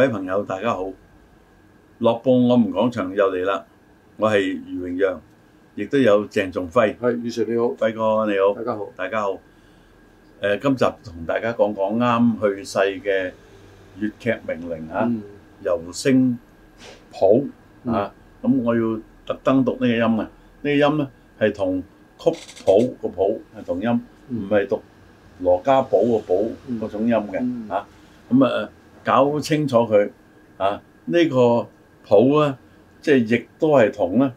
各位朋友，大家好！樂報，我們講場又嚟啦。我係余榮陽，亦都有鄭仲輝。係，余 Sir 你好，輝哥你好，大家好，大家好。誒，今集同大家講講啱去世嘅粵劇名伶啊。尤聲普啊，咁我要特登讀呢個音嘅。呢個音咧係同曲譜個譜係同音，唔係讀羅家寶個寶嗰種音嘅啊。咁啊～搞清楚佢啊！呢、呢個譜咧，即係亦都係同咧、mm.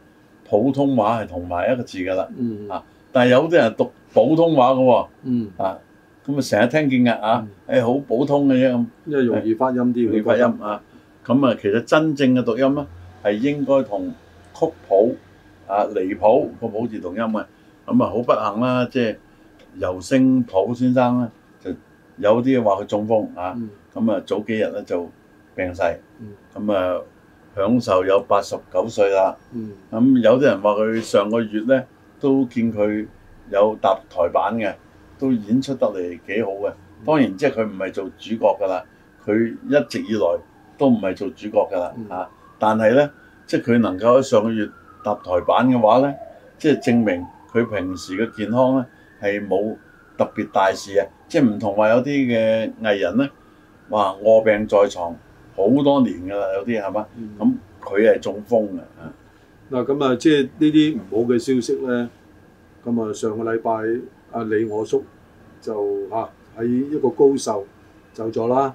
普通話係同埋一個字噶啦。啊，但係有啲人讀普通話嘅喎。嗯。啊，咁啊成日聽見嘅啊，誒好普通嘅啫咁。因為容易發音啲，嗯，容易發音啊。咁、嗯、啊，其實真正嘅讀音咧，係應該同曲譜啊，離譜個譜字同音嘅。咁啊，好、嗯嗯嗯啊、不幸啦，即係尤聲普先生咧，就有啲話佢中風啊。嗯嗯咁啊，早幾日咧就病逝，咁啊、嗯、享受有八十九歲啦。咁、嗯嗯、有啲人話佢上個月咧都見佢有搭台版嘅，都演出得嚟幾好嘅。當然即係佢唔係做主角㗎啦，佢一直以來都唔係做主角㗎啦嚇。但係咧，即係佢能夠喺上個月搭台版嘅話咧，即、就、係、是、證明佢平時嘅健康咧係冇特別大事啊。即係唔同話有啲嘅藝人咧。哇！臥病在床好多年㗎啦，有啲係嘛？咁佢係中風嘅啊。嗱、嗯，咁啊，即係呢啲唔好嘅消息咧。咁啊，上個禮拜阿李我叔就嚇喺、啊、一個高壽走咗啦。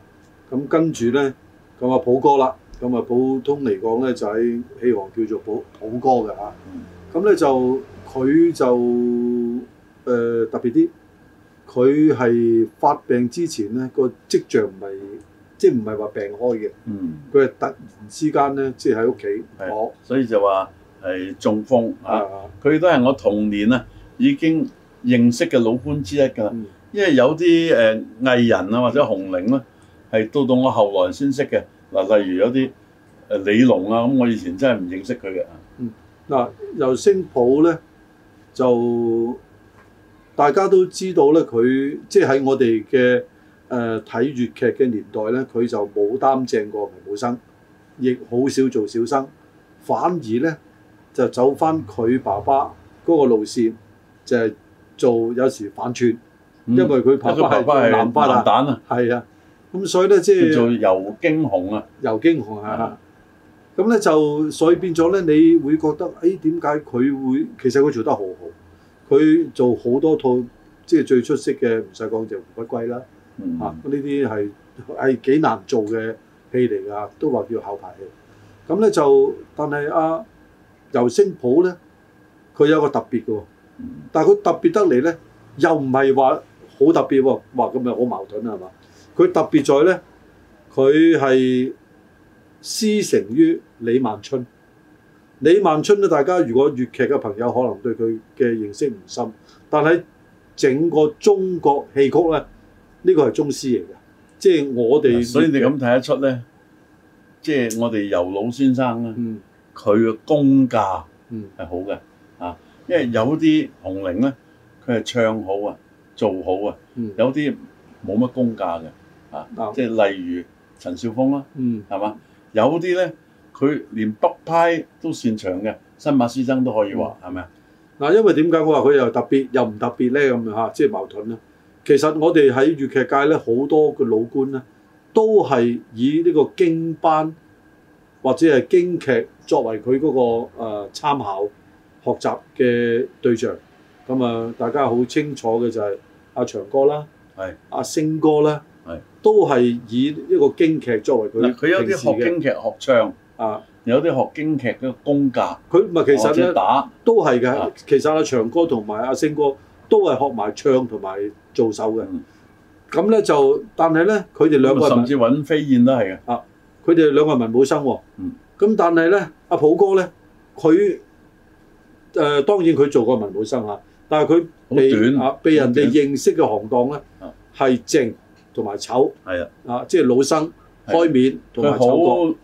咁、啊啊、跟住咧，咁啊普哥啦，咁啊普通嚟講咧就喺戲行叫做普普哥嘅嚇。咁、啊、咧、嗯嗯、就佢就誒、呃、特別啲。佢係發病之前咧，嗰個跡象唔係即係唔係話病開嘅。嗯，佢係突然之間咧，即係喺屋企。好是，哦、所以就話係中風嚇。佢、啊啊、都係我童年啊，已經認識嘅老倌之一㗎。嗯、因為有啲誒藝人啊，或者紅伶咧，係到到我後來先識嘅。嗱、啊，例如有啲誒李龍啊，咁我以前真係唔認識佢嘅。嗯，嗱、啊，尤聲普咧就。大家都知道咧，佢即係喺我哋嘅誒睇粵劇嘅年代咧，佢就冇擔正過平武生，亦好少做小生，反而咧就走翻佢爸爸嗰個路線，就係、是、做有時反串，嗯、因為佢爸爸係男花旦啊，係啊，咁、啊、所以咧即係叫做尤驚鴻啊，尤驚鴻啊，咁咧、嗯、就所以變咗咧，你會覺得誒點解佢會其實佢做得好好。佢做好多套即係最出色嘅，唔使講就《胡不歸》啦，嚇、mm！呢啲係係幾難做嘅戲嚟㗎，都話叫後排戲。咁咧就，但係阿尤聲普咧，佢有個特別嘅、哦，但係佢特別得嚟咧，又唔係話好特別喎、哦。話咁咪好矛盾係嘛？佢特別在咧，佢係師承於李萬春。李萬春咧，大家如果粵劇嘅朋友可能對佢嘅認識唔深，但係整個中國戲曲咧，呢、這個係宗師嚟嘅。即係我哋、嗯，所以你咁睇得出咧，即係我哋尤老先生咧，佢嘅、嗯、功架係好嘅啊。嗯、因為有啲紅伶咧，佢係唱好啊，做好啊，嗯、有啲冇乜功架嘅啊，即係、嗯嗯、例如陳少峰啦，係嘛、嗯？有啲咧。佢連北派都擅長嘅，新馬師曾都可以話係咪啊？嗱、嗯，吧因為點解佢話佢又特別又唔特別咧咁樣吓，即、就、係、是、矛盾啦。其實我哋喺粵劇界咧，好多個老倌咧，都係以呢個京班或者係京劇作為佢嗰、那個誒、呃、參考學習嘅對象。咁、嗯、啊、呃，大家好清楚嘅就係、是、阿、啊、長哥啦，係阿是、啊、星哥啦，係是都係以一個京劇作為佢平時嘅佢、呃、有啲學京劇學唱。啊、uh,！有啲學京劇嘅功架，佢唔係其實咧都係嘅。其實阿長哥同埋阿星哥都係學埋唱同埋做手嘅。咁咧就，但係咧佢哋兩個、嗯、甚至尹飛燕都係嘅。啊！佢哋兩個文武生喎。咁、嗯嗯、但係咧，阿普哥咧，佢誒、呃、當然佢做過文武生啦，但係佢被短啊被人哋認識嘅行當咧係淨同埋醜。係啊。啊！即係老生，開面同埋醜角。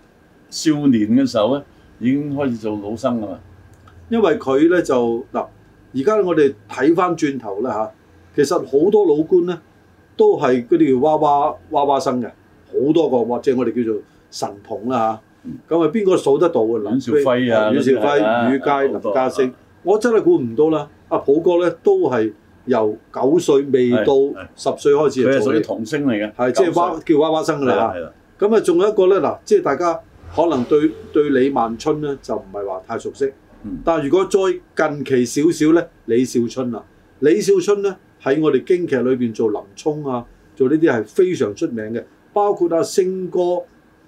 少年嘅時候咧，已經開始做老生啦嘛。因為佢咧就嗱，而家我哋睇翻轉頭啦嚇，其實好多老倌咧都係嗰啲叫娃娃娃娃生嘅，好多個或者我哋叫做神童啦吓，咁啊，邊個數得到啊？阮兆輝啊，阮兆輝、林家聲，我真係估唔到啦。阿普哥咧都係由九歲未到十歲開始，佢係屬於童星嚟嘅，係即係娃叫娃娃生嘅啦。咁啊，仲有一個咧嗱，即係大家。可能對對李萬春咧就唔係話太熟悉，嗯、但係如果再近期少少咧，李少春啊，李少春咧喺我哋京劇裏邊做林沖啊，做呢啲係非常出名嘅，包括阿、啊、星哥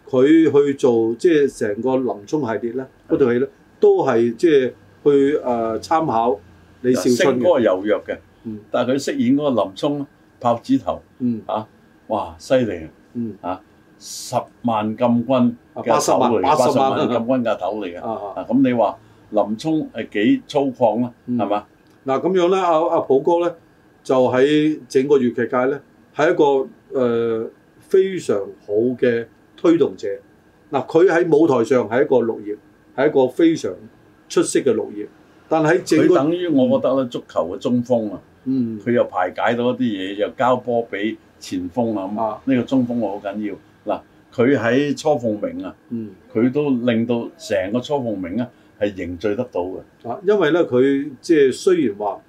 佢去做即係成個林沖系列咧，嗰套戲咧都係即係去誒參、呃、考李少春嘅。星哥柔弱嘅，嗯，但係佢飾演嗰個林沖豹子頭，嗯啊，哇犀利啊，嗯啊。十萬禁軍嘅頭嚟，八十,八十萬禁軍嘅頭嚟嘅。咁、啊啊啊、你話林沖係幾粗獷咧？係嘛、嗯？嗱咁吧、啊、樣咧，阿阿普哥咧就喺整個粵劇界咧係一個誒、呃、非常好嘅推動者。嗱、啊，佢喺舞台上係一個綠葉，係一個非常出色嘅綠葉。但係正等於我覺得咧，嗯、足球嘅中鋒啊，嗯，佢又排解到一啲嘢，又交波俾前鋒啊咁。呢個中鋒我好緊要。佢喺雛鳳鳴啊，佢都令到成個雛鳳鳴咧係凝聚得到嘅。啊，因為咧佢即係雖然話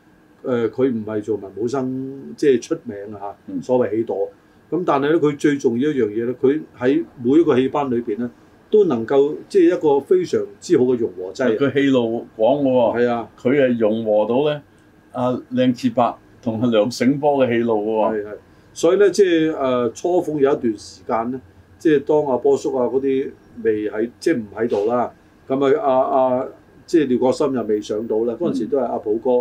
誒佢唔係做文武生，即係出名啊嚇，所謂起舵。咁但係咧佢最重要一樣嘢咧，佢喺每一個戲班裏邊咧都能夠即係一個非常之好嘅融和劑。佢戲路廣喎，係啊，佢係融和到咧阿靚次伯同阿梁醒波嘅戲路喎。係係，所以咧即係誒雛鳳有一段時間咧。即係當阿波叔啊嗰啲未喺，即係唔喺度啦。咁啊，阿、啊、阿即係廖國森又未上到啦。嗰陣時都係阿普哥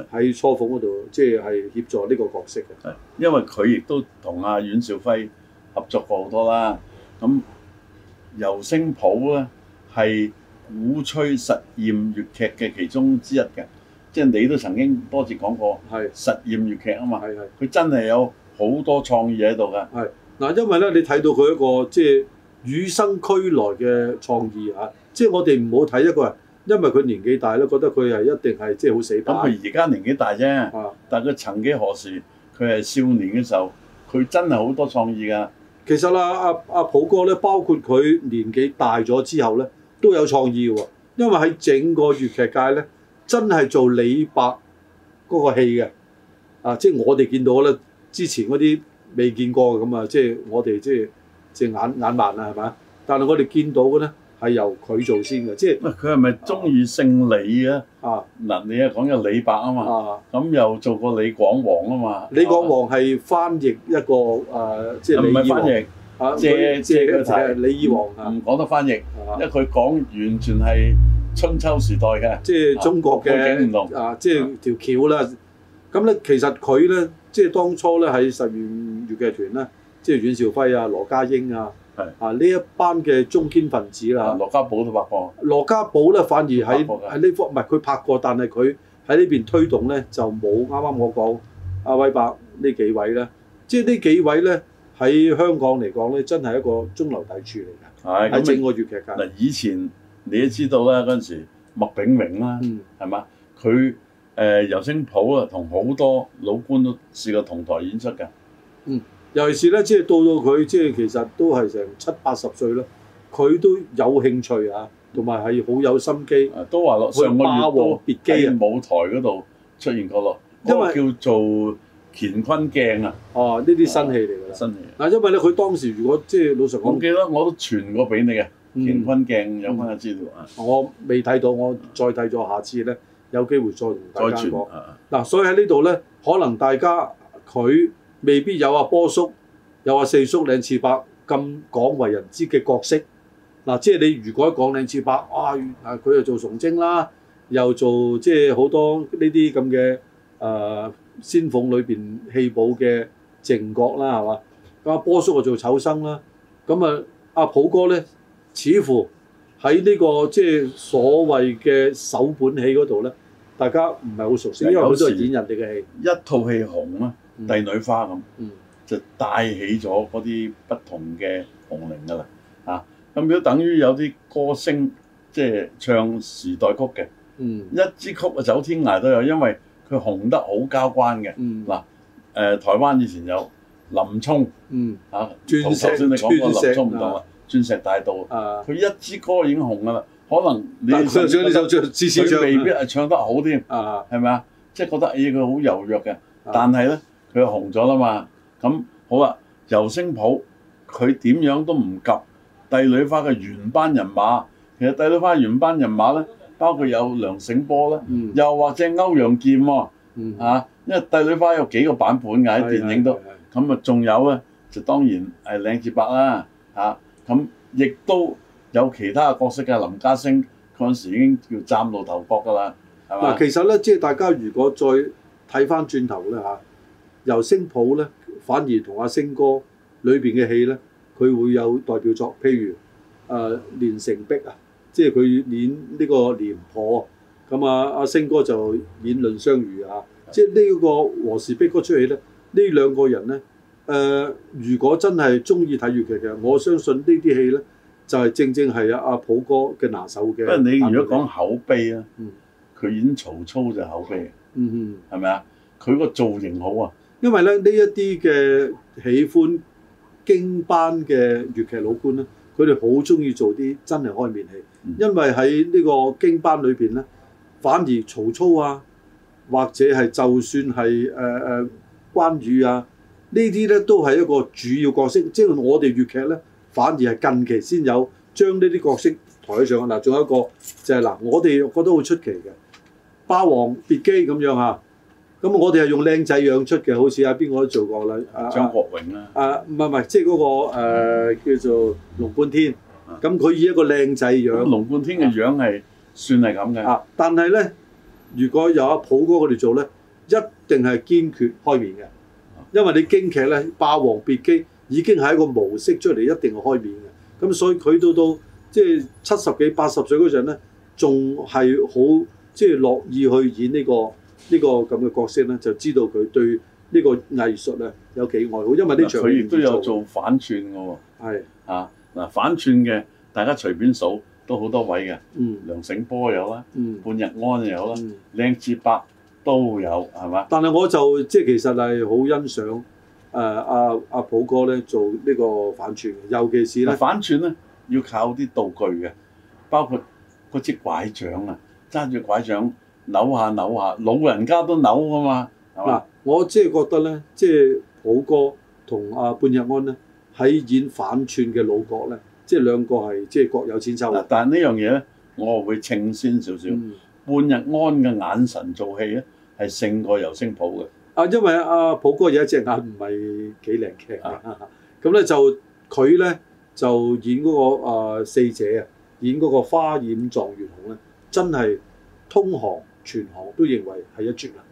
喺雛鳳嗰度，的即係係協助呢個角色嘅。係因為佢亦都同阿阮兆輝合作過好多啦。咁尤聲普咧係鼓吹實驗粵劇嘅其中之一嘅。即係你都曾經多次講過，係實驗粵劇啊嘛。係係，佢真係有好多創意喺度㗎。係。嗱，因為咧，你睇到佢一個即係與生俱來嘅創意嚇，即係我哋唔好睇一個，因為佢年紀大咧，覺得佢係一定係即係好死板。咁佢而家年紀大啫，但係佢曾幾何時佢係少年嘅時候，佢真係好多創意噶。其實啊，阿阿普哥咧，包括佢年紀大咗之後咧，都有創意喎。因為喺整個粵劇界咧，真係做李白嗰個戲嘅，啊，即係我哋見到咧，之前嗰啲。未見過嘅咁啊，即係我哋即係隻眼眼盲啊，係咪啊？但係我哋見到嘅咧係由佢做先嘅，即係。佢係咪中意姓李啊？啊，嗱，你又講又李白啊嘛，咁又做過李廣王啊嘛。李廣王係翻譯一個誒，即係李義。唔係翻譯，借借嘅借李義王啊。唔講得翻譯，因為佢講完全係春秋時代嘅，即係中國嘅啊，即係條橋啦。咁咧，其實佢咧。即係當初咧喺實驗粵劇團咧，即係阮兆輝啊、羅家英啊，係的啊，呢一班嘅中堅分子啦。羅家寶都拍過，羅家寶咧反而喺喺呢方唔係佢拍過，但係佢喺呢邊推動咧就冇，啱啱我講阿威伯呢幾位咧。即係呢幾位咧喺香港嚟講咧，真係一個中流砥柱嚟㗎，喺的整個粵劇界。嗱、嗯、以前你都知道啦，嗰陣時麥炳榮啦，係嘛佢？嗯嗯誒尤聲普啊，同好、呃、多老官都試過同台演出嘅。嗯，尤其是咧，即係到到佢，即係其實都係成七八十歲啦，佢都有興趣啊，同埋係好有心機。啊、嗯，都話落上個月都喺舞台嗰度出現過咯。因為叫做乾坤鏡啊。哦、啊，呢啲、啊啊啊、新戲嚟嘅、啊，新戲。嗱、啊，因為咧，佢當時如果即係老實講，我記得我都傳過俾你嘅《嗯、乾坤鏡》有關嘅資料啊、嗯。我未睇到，我再睇咗下次咧。啊有機會再同大家講嗱次、啊啊，所以喺呢度咧，可能大家佢未必有阿、啊、波叔，有阿、啊、四叔、靚次伯咁廣為人知嘅角色嗱、啊。即係你如果講靚次伯啊，佢又做崇禎啦，又做即係好多呢啲咁嘅誒仙鳳裏邊戲寶嘅正角啦，係嘛？咁、啊、阿波叔就做丑生啦。咁啊，阿、啊、普哥咧，似乎喺呢、這個即係所謂嘅首本戲嗰度咧。大家唔係好熟悉，因為好多都係演人哋嘅戲。一套戲紅啊，《帝女花》咁、嗯，就帶起咗嗰啲不同嘅紅伶㗎啦。啊咁，如果等於有啲歌星，即、就、係、是、唱時代曲嘅，嗯、一支曲啊《走天涯》都有，因為佢紅得好交關嘅。嗱、嗯，誒、啊呃、台灣以前有林沖、嗯啊，啊，頭先你講過林沖唔同啦，《鑽石大道》佢、啊、一支歌已經紅啊嘛。可能你唱唱你就唱，佢未必係唱得好添，係咪啊？即係覺得，咦，佢好柔弱嘅，但係咧，佢紅咗啦嘛。咁好啊，尤聲普佢點樣都唔及帝女花嘅原班人馬。其實帝女花原班人馬咧，包括有梁醒波咧，又或者歐陽劍喎，啊，因為帝女花有幾個版本嘅喺電影度，咁啊，仲有咧就當然係靚次伯啦，啊，咁亦都。有其他角色嘅林家聲，嗰陣時已經叫嶄露頭角㗎喇，係嘛？嗱，其實咧，即係大家如果再睇翻轉頭咧嚇、啊，由聲普咧，反而同阿聲哥裏邊嘅戲咧，佢會有代表作。譬如誒、呃、連城璧啊，即係佢演呢個廉頗，咁啊阿聲哥就演藺相如啊。的即係呢、這個和氏璧嗰出戲咧，呢兩個人咧，誒、呃、如果真係中意睇粵劇嘅，我相信呢啲戲咧。就係正正係阿阿普哥嘅拿手嘅。不過你如果講口碑啊，佢演、嗯、曹操就口碑，嗯嗯哼，係咪啊？佢個造型好啊，因為咧呢一啲嘅喜歡京班嘅粵劇老倌咧，佢哋好中意做啲真係開面戲，嗯、因為喺呢個京班裏邊咧，反而曹操啊，或者係就算係誒誒關羽啊，呢啲咧都係一個主要角色，即、就、係、是、我哋粵劇咧。反而係近期先有將呢啲角色抬起上嗱，仲有一個就係嗱，我哋覺得好出奇嘅《霸王別姬》咁樣啊，咁我哋係用靚仔樣出嘅，好似阿邊個都做過啦。張國榮啦。啊，唔係唔係，即係嗰個誒叫做龍貫天，咁佢以一個靚仔樣。龍貫天嘅樣係算係咁嘅。啊，但係咧，如果有阿普哥佢哋做咧，一定係堅決開面嘅，因為你京劇咧《霸王別姬》。已經係一個模式出嚟，一定係開面嘅。咁所以佢到到即係七十幾八十歲嗰陣咧，仲係好即係樂意去演呢、個呢個咁嘅角色咧，就知道佢對呢個藝術咧有幾愛好。因為呢場佢亦都有做反串㗎喎、哦。係啊，嗱反串嘅大家隨便數都好多位嘅。嗯，梁醒波有啦，嗯、半日安有啦，靚次、嗯、伯都有係嘛？但係我就即係其實係好欣賞。誒阿阿普哥咧做呢個反串，尤其是咧反串咧要靠啲道具嘅，包括嗰隻枴杖啊，揸住、嗯、拐杖扭下扭下，老人家都扭啊嘛。嗱、啊，吧我即係覺得咧，即、就、係、是、普哥同阿、啊、半日安咧喺演反串嘅老角咧，即、就、係、是、兩個係即係各有千秋。嗱、嗯，但係呢樣嘢咧，我會稱先少少，少，嗯、半日安嘅眼神做戲咧係勝過尤聲普嘅。啊，因為阿、啊、普哥有一隻眼唔係幾靈劇咁咧、啊啊、就佢咧就演嗰、那個、啊、四姐啊、那個，演嗰個花染狀元紅咧，真係通行全行都認為係一絕啦。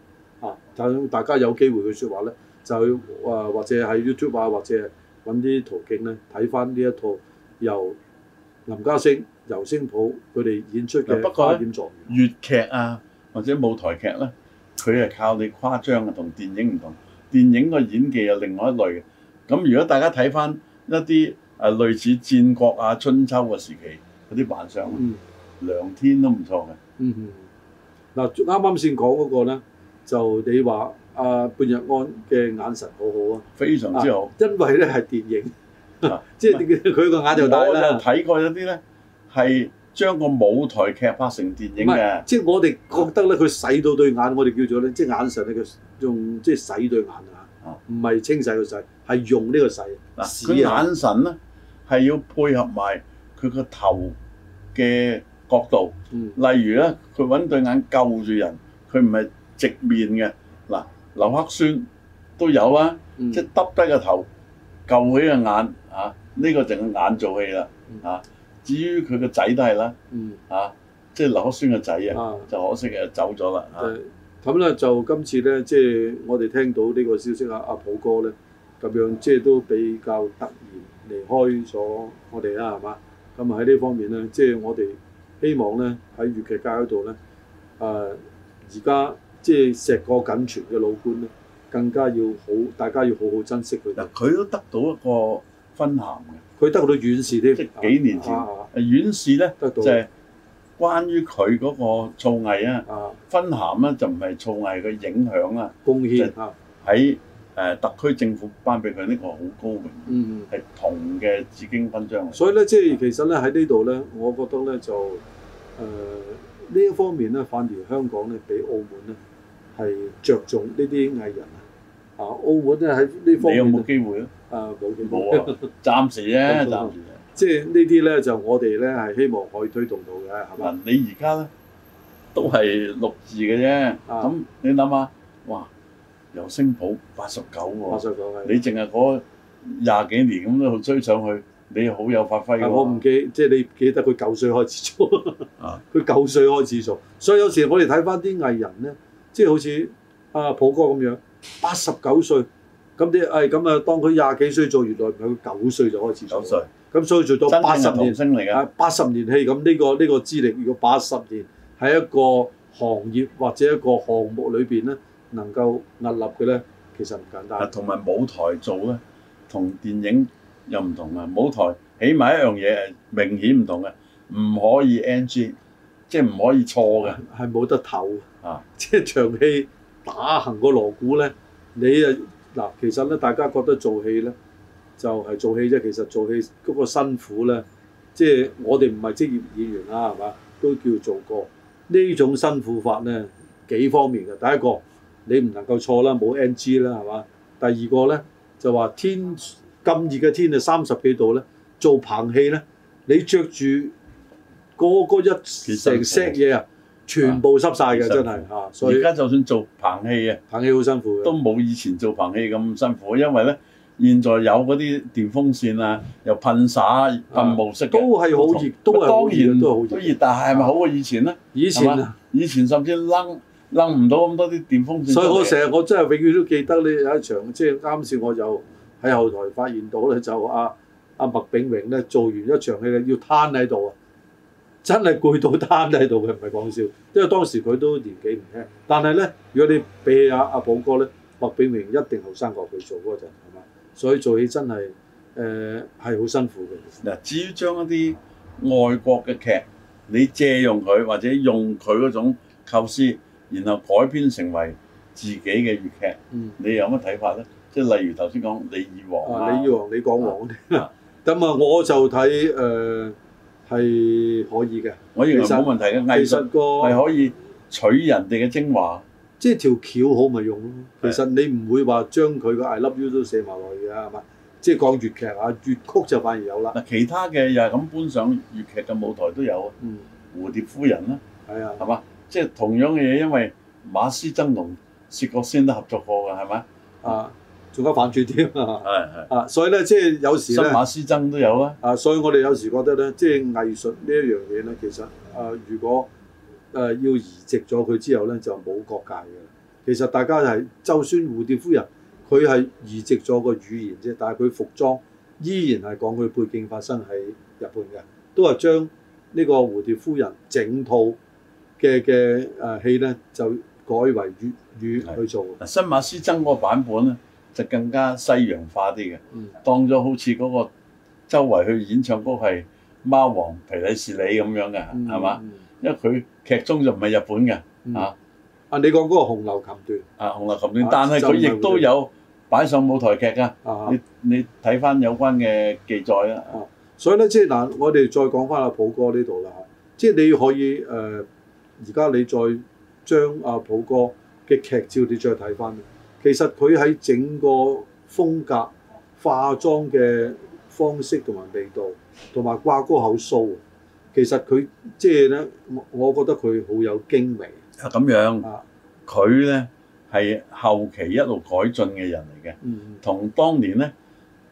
啊，就大家有機會去說話咧，就誒或者喺 YouTube 啊，或者揾啲、啊、途徑咧睇翻呢一套由林家聲、尤聲普佢哋演出嘅花染狀、啊、粵劇啊，或者舞台劇咧、啊。佢係靠你誇張啊，同電影唔同。電影個演技有另外一類嘅。咁如果大家睇翻一啲誒類似戰國啊、春秋嘅時期嗰啲扮相，幻想嗯、梁天都唔錯嘅、嗯。嗯嗯。嗱啱啱先講嗰個咧，就你話阿、啊、半日安嘅眼神好好啊，非常之好。啊、因為咧係電影，即係佢個眼就大。我就睇過一啲咧係，將個舞台劇拍成電影嘅，即係我哋覺得咧，佢洗到對眼，啊、我哋叫做咧，即係眼神嘅用，即係洗對眼啊！唔係清洗個洗，係用呢個洗嗱。佢眼神咧係要配合埋佢個頭嘅角度。嗯、例如咧，佢揾對眼救住人，佢唔係直面嘅嗱、啊。劉克宣都有啊，嗯、即係耷低個頭救起個眼啊！呢、這個就係眼做戲啦啊！啊至於佢個仔都係啦，嚇、嗯，即係劉克孫個仔啊，就，是、就可惜誒、啊、走咗啦嚇。咁、啊、咧、嗯、就今次咧，即、就、係、是、我哋聽到呢個消息啊，阿普哥咧咁樣，即係都比較突然離開咗我哋啦，係嘛？咁啊，喺呢方面咧，即、就、係、是、我哋希望咧喺粵劇界嗰度咧，誒而家即係碩果僅存嘅老倌咧，更加要好，大家要好好珍惜佢。但佢都得到一個分限嘅。佢得到院士呢，即幾年前。啊、院士咧，得到就係關於佢嗰個造藝啊，啊分咸咧就唔係造藝，嘅影響啊，貢獻喺誒特區政府頒俾佢呢個好高榮，係、嗯、銅嘅紫荊勳章。所以咧，即、就、係、是、其實咧喺呢度咧，我覺得咧就誒呢、呃、一方面咧，反而香港咧比澳門咧係着重呢啲藝人啊，啊澳門咧喺呢方面呢。你有冇機會啊？誒冇冇啊！暫時咧， 那暫時即係呢啲咧就我哋咧係希望可以推動到嘅，係嘛、啊？你而家咧都係六字嘅啫，咁、啊啊嗯、你諗下，哇！尤聲普，八十九八十九，你淨係嗰廿幾年咁樣追上去，你好有發揮、啊啊、我唔記得，即係你記得佢九歲開始做，佢九、啊、 歲開始做，所以有時我哋睇翻啲藝人咧，即係好似阿普哥咁樣，八十九歲。咁啲誒咁啊，當佢廿幾歲做，原來佢九歲就開始做。九歲。咁所以做咗八十年生嚟嘅，八十年戲咁呢個呢個資歷，如果八十年喺一個行業或者一個項目裏邊咧，能夠屹立嘅咧，其實唔簡單。同埋舞台做咧，同電影又唔同啊！舞台起碼一樣嘢係明顯唔同嘅，唔可以 NG，即係唔可以錯嘅，係冇得投。啊！啊即係長戲打行個鑼鼓咧，你啊～嗱，其實咧，大家覺得做戲咧，就係做戲啫。其實做戲嗰個辛苦咧，即係我哋唔係職業演員啦，係嘛，都叫做過呢種辛苦法咧，幾方面嘅。第一個，你唔能夠錯啦，冇 NG 啦，係嘛。第二個咧，就話天咁熱嘅天啊，三十幾度咧，做棚戲咧，你着住個個一成 set 嘢啊。其實 全部濕晒嘅，真係嚇，所以而家就算做棚氣啊，棚氣好辛苦嘅，都冇以前做棚氣咁辛苦，因為咧，現在有嗰啲電風扇啊，又噴灑噴霧式，都係好熱，都當然都好熱，但係咪好過以前咧？以前，以前甚至掹掹唔到咁多啲電風扇。所以我成日我真係永遠都記得你有一場，即係啱先我就喺後台發現到咧，就阿阿麥炳榮咧，做完一場戲要攤喺度啊。真係攰到攤喺度，佢唔係講笑，因為當時佢都年紀唔輕。但係咧，如果你比起阿阿寶哥咧，麥炳榮一定後生過佢做嗰陣係嘛？所以做起真係誒係好辛苦嘅。嗱，至於將一啲外國嘅劇，你借用佢或者用佢嗰種構思，然後改編成為自己嘅粵劇，嗯、你有乜睇法咧？即係例如頭先講《李爾王》啊，《李爾王》《李講王》嗰啲。咁啊，啊 我就睇誒。呃係可以嘅，我認為冇問題嘅，藝術歌係可以取人哋嘅精華。即係條橋好咪用咯。的其實你唔會話將佢個 I love you 都寫埋落去啊，係嘛？即係講粵劇啊，粵曲就反而有啦。嗱，其他嘅又係咁搬上粵劇嘅舞台都有。嗯，蝴蝶夫人啦，係啊，係嘛？即係同樣嘅嘢，因為馬師曾、龍薛國先都合作過㗎，係咪？啊的。仲加反轉添啊！係係 啊，所以咧即係有時咧，新馬師曾都有啊！啊，所以我哋有時覺得咧，即係藝術呢一樣嘢咧，其實啊，如果誒、啊、要移植咗佢之後咧，就冇國界嘅。其實大家係，就算蝴蝶夫人，佢係移植咗個語言啫，但係佢服裝依然係講佢背景發生喺日本嘅，都係將呢個蝴蝶夫人整套嘅嘅誒戲咧，就改為粵語，語去做。新馬師曾嗰個版本咧？就更加西洋化啲嘅，嗯、當咗好似嗰個周圍去演唱歌係貓王皮里斯利咁樣嘅，係嘛、嗯？吧因為佢劇中就唔係日本嘅嚇。嗯、啊，你講嗰個紅樓琴段，啊，紅樓琴段，啊、但係佢亦都有擺上舞台劇㗎、啊。你你睇翻有關嘅記載啦。啊，啊所以咧，即係嗱，我哋再講翻阿普哥呢度啦。即係你可以誒，而、呃、家你再將阿普哥嘅劇照，你再睇翻。其實佢喺整個風格、化妝嘅方式同埋味道，同埋掛高口數，其實佢即係咧，我我覺得佢好有經微。啊，咁樣啊，佢咧係後期一路改進嘅人嚟嘅。嗯、同當年咧，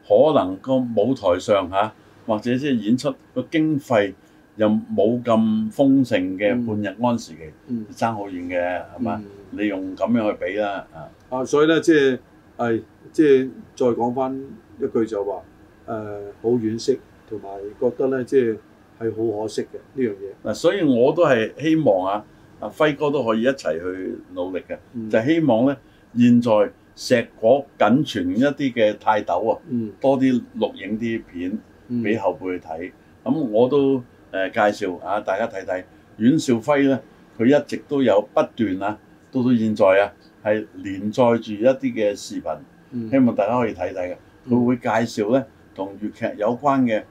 可能個舞台上嚇、啊，或者即係演出個經費又冇咁豐盛嘅半日安時期，爭好遠嘅係嘛？嗯、你用咁樣去比啦啊！啊，所以咧，即係誒，即、哎、係、就是、再講翻一句就話誒，好惋惜，同埋覺得咧，即係係好可惜嘅呢樣嘢。嗱，所以我都係希望啊，阿輝哥都可以一齊去努力嘅，嗯、就希望咧，現在碩果僅存一啲嘅泰斗啊，嗯、多啲錄影啲片俾後輩去睇。咁、嗯、我都誒介紹啊，大家睇睇。阮兆輝咧，佢一直都有不斷啊，到到現在啊。係連載住一啲嘅視頻，嗯、希望大家可以睇睇嘅。佢、嗯、會介紹呢同粵劇有關嘅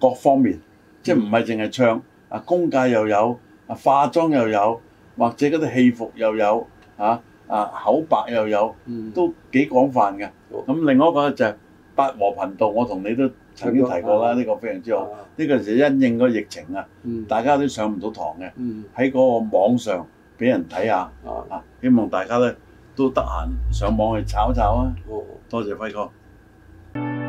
各方面，嗯、即係唔係淨係唱啊，功架又有啊，化妝又有，或者嗰啲戲服又有吓啊，口白又有，都幾廣泛嘅。咁另外一個就係、是、八和頻道，我同你都曾經提過啦，呢、嗯、個非常之好。呢、嗯、個就因應個疫情啊，大家都上唔到堂嘅，喺、嗯嗯、個網上俾人睇下、嗯嗯、啊，希望大家咧。都得閒上網去炒一炒啊！哦，多謝輝哥。